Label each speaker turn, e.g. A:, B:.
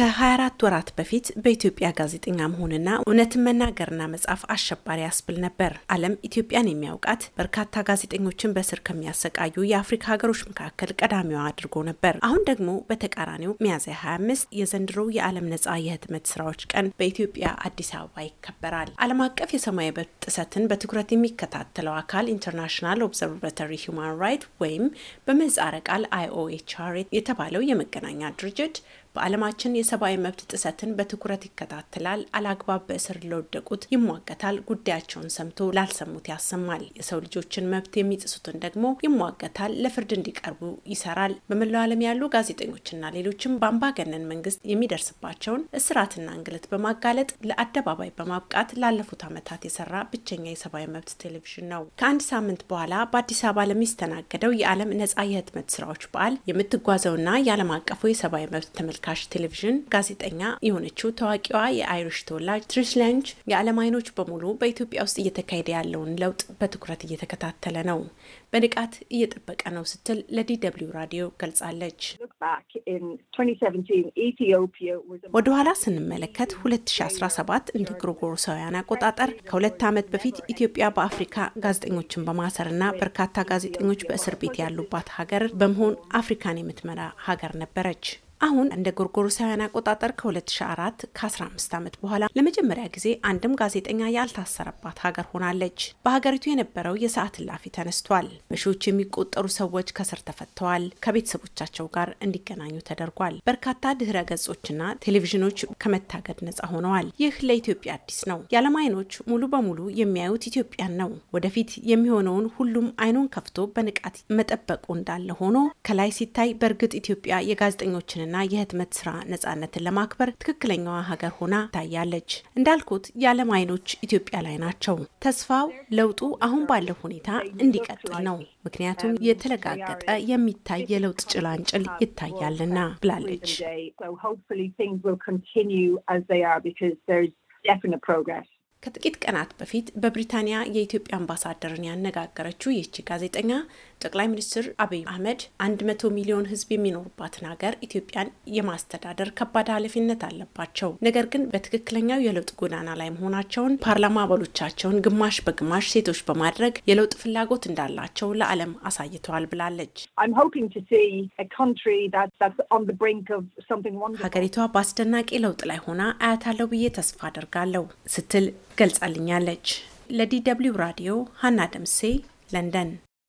A: ከ24 ወራት በፊት በኢትዮጵያ ጋዜጠኛ መሆንና እውነትን መናገርና መጻፍ አሸባሪ ያስብል ነበር። ዓለም ኢትዮጵያን የሚያውቃት በርካታ ጋዜጠኞችን በስር ከሚያሰቃዩ የአፍሪካ ሀገሮች መካከል ቀዳሚዋ አድርጎ ነበር። አሁን ደግሞ በተቃራኒው ሚያዝያ 25 የዘንድሮ የዓለም ነጻ የህትመት ስራዎች ቀን በኢትዮጵያ አዲስ አበባ ይከበራል። ዓለም አቀፍ የሰማይ በት ጥሰትን በትኩረት የሚከታተለው አካል ኢንተርናሽናል ኦብዘርቫተሪ ሂውማን ራይት ወይም በምህጻረ ቃል አይኦኤችአር የተባለው የመገናኛ ድርጅት በዓለማችን የሰብአዊ መብት ጥሰትን በትኩረት ይከታተላል። አላግባብ በእስር ለወደቁት ይሟገታል። ጉዳያቸውን ሰምቶ ላልሰሙት ያሰማል። የሰው ልጆችን መብት የሚጥሱትን ደግሞ ይሟገታል፣ ለፍርድ እንዲቀርቡ ይሰራል። በመላው ዓለም ያሉ ጋዜጠኞችና ሌሎችም በአምባገነን መንግስት የሚደርስባቸውን እስራትና እንግልት በማጋለጥ ለአደባባይ በማብቃት ላለፉት ዓመታት የሰራ ብቸኛ የሰብአዊ መብት ቴሌቪዥን ነው። ከአንድ ሳምንት በኋላ በአዲስ አበባ ለሚስተናገደው የዓለም ነጻ የህትመት ስራዎች በዓል የምትጓዘውና የዓለም አቀፉ የሰብአዊ መብት ተመልካች ቴሌቪዥን ጋዜጠኛ የሆነችው ታዋቂዋ የአይሪሽ ተወላጅ ትሪስ ላንጅ የዓለም አይኖች በሙሉ በኢትዮጵያ ውስጥ እየተካሄደ ያለውን ለውጥ በትኩረት እየተከታተለ ነው፣ በንቃት እየጠበቀ ነው ስትል ለዲደብሊው ራዲዮ ገልጻለች። ወደ ኋላ ስንመለከት 2017 እንደ ግሮጎሮሳውያን አቆጣጠር ከሁለት ዓመት በፊት ኢትዮጵያ በአፍሪካ ጋዜጠኞችን በማሰርና በርካታ ጋዜጠኞች በእስር ቤት ያሉባት ሀገር በመሆን አፍሪካን የምትመራ ሀገር ነበረች። አሁን እንደ ጎርጎሮሳውያን አቆጣጠር ከ2004 ከ15 ዓመት በኋላ ለመጀመሪያ ጊዜ አንድም ጋዜጠኛ ያልታሰረባት ሀገር ሆናለች። በሀገሪቱ የነበረው የሰዓት እላፊ ተነስቷል። በሺዎች የሚቆጠሩ ሰዎች ከስር ተፈተዋል። ከቤተሰቦቻቸው ጋር እንዲገናኙ ተደርጓል። በርካታ ድህረ ገጾችና ቴሌቪዥኖች ከመታገድ ነፃ ሆነዋል። ይህ ለኢትዮጵያ አዲስ ነው። የዓለም አይኖች ሙሉ በሙሉ የሚያዩት ኢትዮጵያን ነው። ወደፊት የሚሆነውን ሁሉም አይኑን ከፍቶ በንቃት መጠበቁ እንዳለ ሆኖ ከላይ ሲታይ በእርግጥ ኢትዮጵያ የጋዜጠኞችን የመጻፍንና የህትመት ስራ ነጻነትን ለማክበር ትክክለኛዋ ሀገር ሆና ታያለች። እንዳልኩት የዓለም አይኖች ኢትዮጵያ ላይ ናቸው። ተስፋው ለውጡ አሁን ባለው ሁኔታ እንዲቀጥል ነው። ምክንያቱም የተረጋገጠ የሚታይ የለውጥ ጭላንጭል ይታያልና ብላለች። ከጥቂት ቀናት በፊት በብሪታንያ የኢትዮጵያ አምባሳደርን ያነጋገረችው ይህቺ ጋዜጠኛ ጠቅላይ ሚኒስትር አብይ አህመድ አንድ መቶ ሚሊዮን ህዝብ የሚኖሩባትን ሀገር ኢትዮጵያን የማስተዳደር ከባድ ኃላፊነት አለባቸው። ነገር ግን በትክክለኛው የለውጥ ጎዳና ላይ መሆናቸውን ፓርላማ አባሎቻቸውን ግማሽ በግማሽ ሴቶች በማድረግ የለውጥ ፍላጎት እንዳላቸው ለዓለም አሳይተዋል ብላለች። ሀገሪቷ በአስደናቂ ለውጥ ላይ ሆና አያታለው ብዬ ተስፋ አደርጋለሁ ስትል ገልጻልኛለች። ለዲ ደብልዩ ራዲዮ ሀና ደምሴ ለንደን።